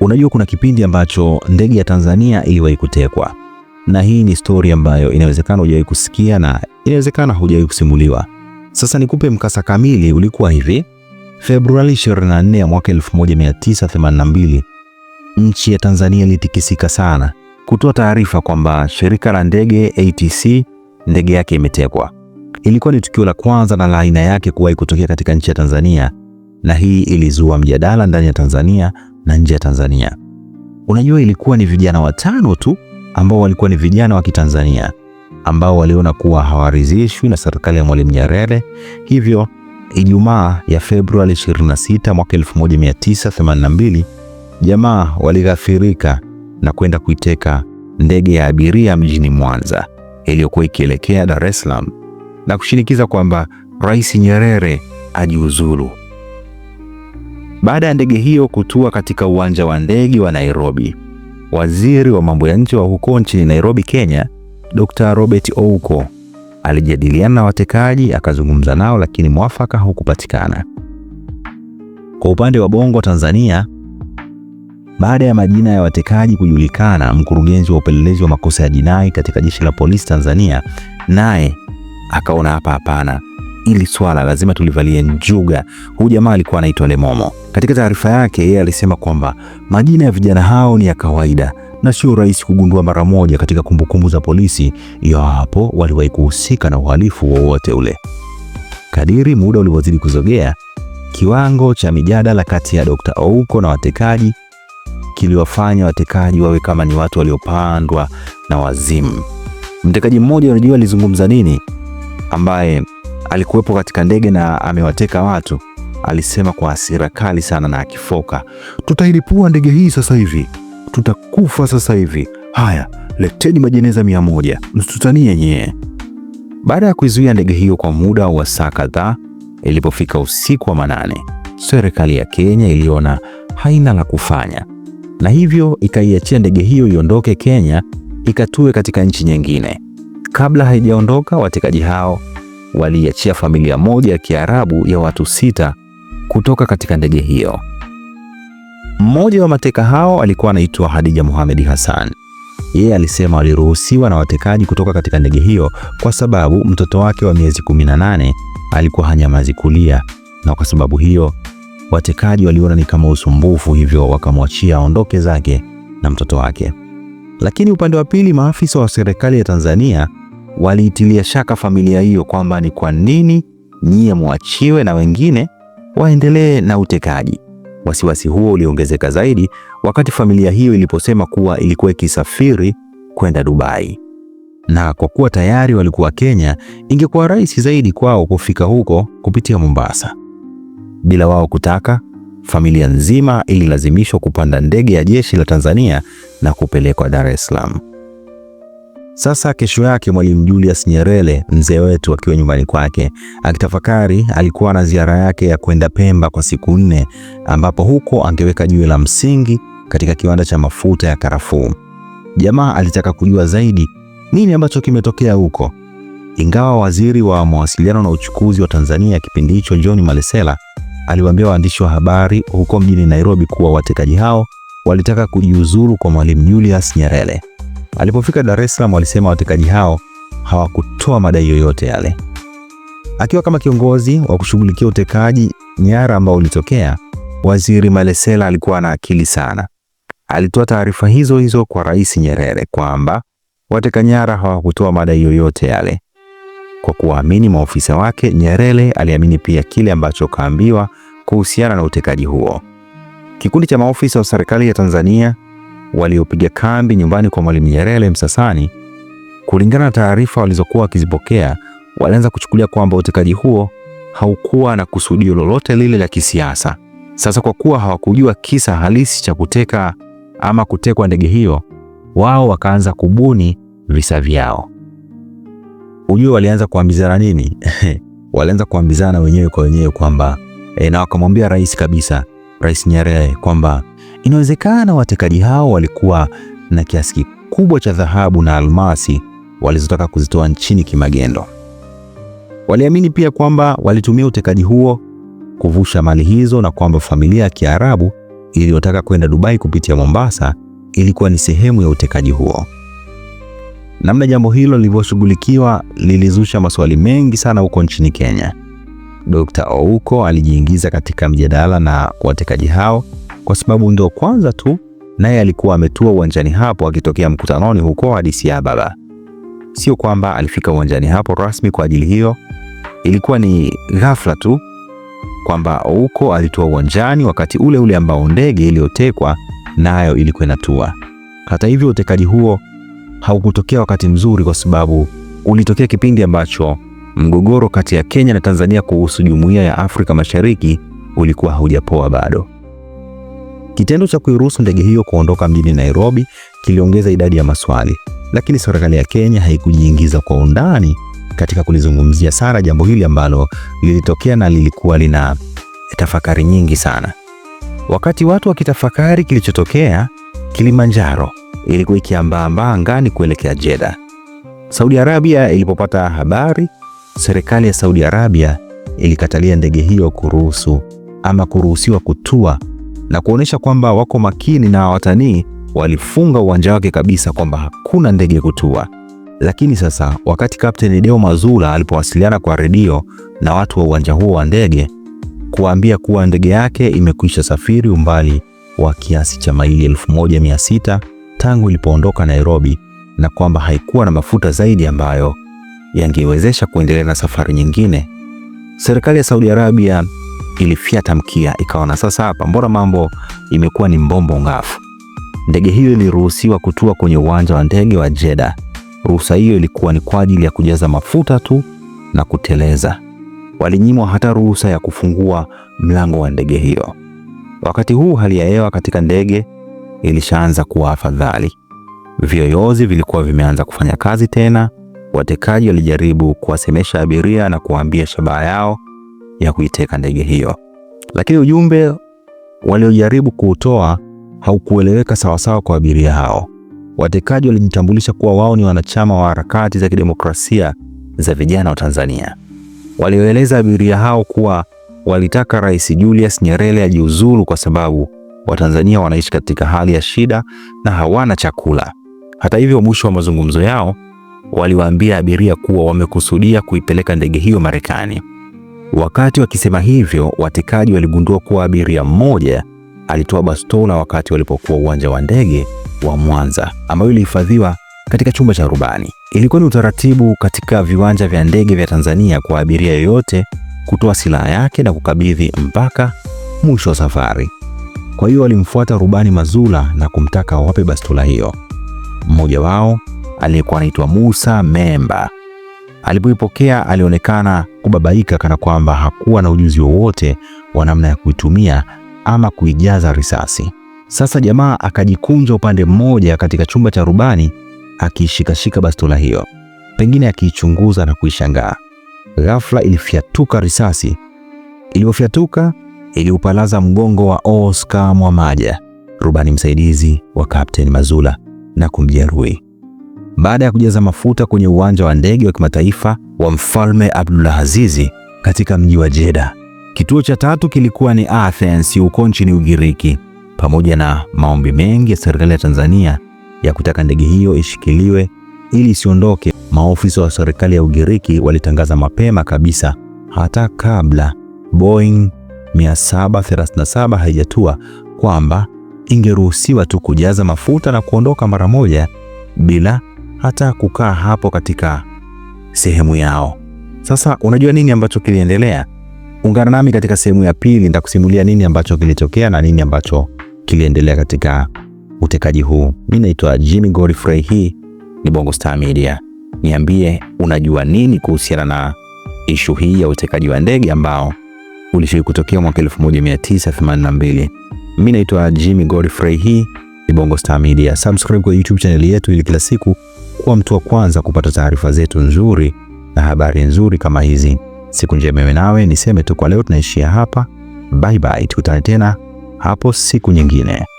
Unajua, kuna kipindi ambacho ndege ya Tanzania iliwahi kutekwa, na hii ni stori ambayo inawezekana hujawahi kusikia na inawezekana hujawahi kusimuliwa. Sasa nikupe mkasa kamili. Ulikuwa hivi: Februari 24 ya mwaka 1982 nchi ya Tanzania ilitikisika sana kutoa taarifa kwamba shirika la ndege ATC ndege yake imetekwa. Ilikuwa ni tukio la kwanza na la aina yake kuwahi kutokea katika nchi ya Tanzania, na hii ilizua mjadala ndani ya Tanzania na nje ya Tanzania. Unajua, ilikuwa ni vijana watano tu ambao walikuwa ni vijana wa Kitanzania ambao waliona kuwa hawaridhishwi na serikali ya Mwalimu Nyerere. Hivyo Ijumaa ya Februari 26 mwaka 1982 jamaa walighafirika na kwenda kuiteka ndege ya abiria mjini Mwanza iliyokuwa ikielekea Dar es Salaam na kushinikiza kwamba Rais Nyerere ajiuzulu. Baada ya ndege hiyo kutua katika uwanja wa ndege wa Nairobi, waziri wa mambo ya nje wa huko nchini Nairobi, Kenya, Dr. Robert Ouko alijadiliana na watekaji, akazungumza nao, lakini mwafaka hukupatikana Kwa upande wa Bongo Tanzania, baada ya majina ya watekaji kujulikana, mkurugenzi wa upelelezi wa makosa ya jinai katika jeshi la polisi Tanzania naye akaona hapa hapana, ili swala lazima tulivalie njuga. Huyu jamaa alikuwa anaitwa Lemomo. Katika taarifa yake yeye alisema kwamba majina ya vijana hao ni ya kawaida na sio rahisi kugundua mara moja katika kumbukumbu za polisi iwapo waliwahi kuhusika na uhalifu wowote ule. Kadiri muda ulivyozidi kuzogea, kiwango cha mijadala kati ya Dr. Ouko na watekaji kiliwafanya watekaji wawe kama ni watu waliopandwa na wazimu. Mtekaji mmoja unajua alizungumza nini, ambaye alikuwepo katika ndege na amewateka watu, alisema kwa hasira kali sana na akifoka, tutailipua ndege hii sasa hivi, tutakufa sasa hivi. Haya, leteni majeneza mia moja msitutanie nyie. Baada ya kuizuia ndege hiyo kwa muda wa saa kadhaa, ilipofika usiku wa manane, serikali ya Kenya iliona haina la kufanya, na hivyo ikaiachia ndege hiyo iondoke Kenya ikatue katika nchi nyingine. Kabla haijaondoka, watekaji hao waliiachia familia moja ya Kiarabu ya watu sita kutoka katika ndege hiyo. Mmoja wa mateka hao alikuwa anaitwa Hadija Mohamed Hassan. Yeye alisema aliruhusiwa na watekaji kutoka katika ndege hiyo kwa sababu mtoto wake wa miezi 18 alikuwa hanyamazi kulia, na kwa sababu hiyo watekaji waliona ni kama usumbufu, hivyo wakamwachia aondoke zake na mtoto wake. Lakini upande wa pili, maafisa wa serikali ya Tanzania waliitilia shaka familia hiyo kwamba ni kwa nini nyie mwachiwe na wengine waendelee na utekaji. Wasiwasi huo uliongezeka zaidi wakati familia hiyo iliposema kuwa ilikuwa ikisafiri kwenda Dubai, na kwa kuwa tayari walikuwa Kenya, ingekuwa rahisi zaidi kwao kufika huko kupitia Mombasa. Bila wao kutaka, familia nzima ililazimishwa kupanda ndege ya jeshi la Tanzania na kupelekwa Dar es Salaam. Sasa kesho yake Mwalimu Julius Nyerere mzee wetu akiwa nyumbani kwake akitafakari, alikuwa na ziara yake ya kwenda Pemba kwa siku nne, ambapo huko angeweka jiwe la msingi katika kiwanda cha mafuta ya karafuu. Jamaa alitaka kujua zaidi nini ambacho kimetokea huko, ingawa waziri wa mawasiliano na uchukuzi wa Tanzania kipindi hicho John Malesela aliwaambia waandishi wa habari huko mjini Nairobi kuwa watekaji hao walitaka kujiuzuru kwa Mwalimu Julius Nyerere. Alipofika Dar es Salaam, walisema watekaji hao hawakutoa madai yoyote yale. Akiwa kama kiongozi wa kushughulikia utekaji nyara ambao ulitokea, Waziri Malesela alikuwa na akili sana. Alitoa taarifa hizo hizo kwa Rais Nyerere kwamba wateka nyara hawakutoa madai yoyote yale. Kwa kuwaamini maofisa wake, Nyerere aliamini pia kile ambacho kaambiwa kuhusiana na utekaji huo. Kikundi cha maofisa wa serikali ya Tanzania waliopiga kambi nyumbani kwa Mwalimu Nyerere Msasani, kulingana na taarifa walizokuwa wakizipokea, walianza kuchukulia kwamba utekaji huo haukuwa na kusudio lolote lile la kisiasa. Sasa kwa kuwa hawakujua kisa halisi cha kuteka ama kutekwa ndege hiyo, wao wakaanza kubuni visa vyao. Ujue walianza kuambizana nini? walianza kuambizana wenyewe kwa wenyewe kwamba e, na wakamwambia rais kabisa, Rais Nyerere kwamba Inawezekana watekaji hao walikuwa na kiasi kikubwa cha dhahabu na almasi walizotaka kuzitoa nchini kimagendo. Waliamini pia kwamba walitumia utekaji huo kuvusha mali hizo na kwamba familia ya Kiarabu iliyotaka kwenda Dubai kupitia Mombasa ilikuwa ni sehemu ya utekaji huo. Namna jambo hilo lilivyoshughulikiwa lilizusha maswali mengi sana huko nchini Kenya. Dr. Ouko alijiingiza katika mjadala na watekaji hao kwa sababu ndo kwanza tu naye alikuwa ametua uwanjani hapo akitokea mkutanoni huko Addis Ababa. Sio kwamba alifika uwanjani hapo rasmi kwa ajili hiyo, ilikuwa ni ghafla tu kwamba huko alitua uwanjani wakati ule ule ambao ndege iliyotekwa nayo ilikuwa inatua. Hata hivyo, utekaji huo haukutokea wakati mzuri, kwa sababu ulitokea kipindi ambacho mgogoro kati ya Kenya na Tanzania kuhusu Jumuiya ya Afrika Mashariki ulikuwa haujapoa bado. Kitendo cha kuiruhusu ndege hiyo kuondoka mjini Nairobi kiliongeza idadi ya maswali, lakini serikali ya Kenya haikujiingiza kwa undani katika kulizungumzia sana jambo hili ambalo lilitokea na lilikuwa lina tafakari nyingi sana. Wakati watu wakitafakari kilichotokea, Kilimanjaro ilikuwa ikiambaambaa angani kuelekea Jeddah. Saudi Arabia ilipopata habari, serikali ya Saudi Arabia ilikatalia ndege hiyo kuruhusu ama kuruhusiwa kutua na kuonyesha kwamba wako makini na watanii walifunga uwanja wake kabisa kwamba hakuna ndege kutua. Lakini sasa wakati Kapteni Deo Mazula alipowasiliana kwa redio na watu wa uwanja huo wa ndege kuambia kuwa ndege yake imekwisha safiri umbali wa kiasi cha maili 1600 tangu ilipoondoka Nairobi na kwamba haikuwa na mafuta zaidi ambayo yangewezesha kuendelea na safari nyingine, serikali ya Saudi Arabia ilifyata mkia, ikaona sasa hapa mbona mambo imekuwa ni mbombo ngafu. Ndege hiyo iliruhusiwa kutua kwenye uwanja wa ndege wa Jeddah. Ruhusa hiyo ilikuwa ni kwa ajili ya kujaza mafuta tu na kuteleza. Walinyimwa hata ruhusa ya kufungua mlango wa ndege hiyo. Wakati huu hali ya hewa katika ndege ilishaanza kuwa afadhali. vioyozi vilikuwa vimeanza kufanya kazi tena. Watekaji walijaribu kuwasemesha abiria na kuwaambia shabaha yao ya kuiteka ndege hiyo, lakini ujumbe waliojaribu kuutoa haukueleweka sawasawa kwa abiria hao. Watekaji walijitambulisha kuwa wao ni wanachama wa harakati za kidemokrasia za vijana wa Tanzania. Walioeleza abiria hao kuwa walitaka Rais Julius Nyerere ajiuzuru kwa sababu Watanzania wanaishi katika hali ya shida na hawana chakula. Hata hivyo, mwisho wa mazungumzo yao waliwaambia abiria kuwa wamekusudia kuipeleka ndege hiyo Marekani. Wakati wakisema hivyo, watekaji waligundua kuwa abiria mmoja alitoa bastola wakati walipokuwa uwanja wa ndege wa Mwanza, ambayo ilihifadhiwa katika chumba cha rubani. Ilikuwa ni utaratibu katika viwanja vya ndege vya Tanzania kwa abiria yoyote kutoa silaha yake na kukabidhi mpaka mwisho wa safari. Kwa hiyo walimfuata rubani Mazula na kumtaka wape bastola hiyo. Mmoja wao aliyekuwa anaitwa Musa Memba Alipoipokea alionekana kubabaika, kana kwamba hakuwa na ujuzi wowote wa namna ya kuitumia ama kuijaza risasi. Sasa jamaa akajikunja upande mmoja katika chumba cha rubani, akiishikashika bastola hiyo, pengine akiichunguza na kuishangaa. Ghafla ilifyatuka risasi. Ilipofyatuka iliupalaza mgongo wa Oscar Mwamaja, rubani msaidizi wa Kapteni Mazula na kumjeruhi. Baada ya kujaza mafuta kwenye uwanja wa ndege wa kimataifa wa Mfalme azizi katika mji wa Jeddah. Kituo cha tatu kilikuwa ni Athens huko nchini Ugiriki. Pamoja na maombi mengi ya serikali ya Tanzania ya kutaka ndege hiyo ishikiliwe ili isiondoke, maofisa wa serikali ya Ugiriki walitangaza mapema kabisa, hata kabla Boeing 737 haijatua, kwamba ingeruhusiwa tu kujaza mafuta na kuondoka mara moja bila hata kukaa hapo katika sehemu yao. Sasa unajua nini ambacho kiliendelea? Ungana nami katika sehemu ya pili, nitakusimulia nini ambacho kilitokea na nini ambacho kiliendelea katika utekaji huu. Mi naitwa Jimmy Godfrey, hii ni Bongo Star Media. Niambie unajua nini kuhusiana na ishu hii ya utekaji wa ndege ambao ulishawahi kutokea mwaka 1982. Mi naitwa Jimmy Godfrey, hii ni Bongo Star Media. Subscribe kwa YouTube channel yetu ili kila siku kuwa mtu wa kwanza kupata taarifa zetu nzuri na habari nzuri kama hizi. Siku njema iwe nawe. Niseme tu kwa leo tunaishia hapa. Bye bye, tukutane tena hapo siku nyingine.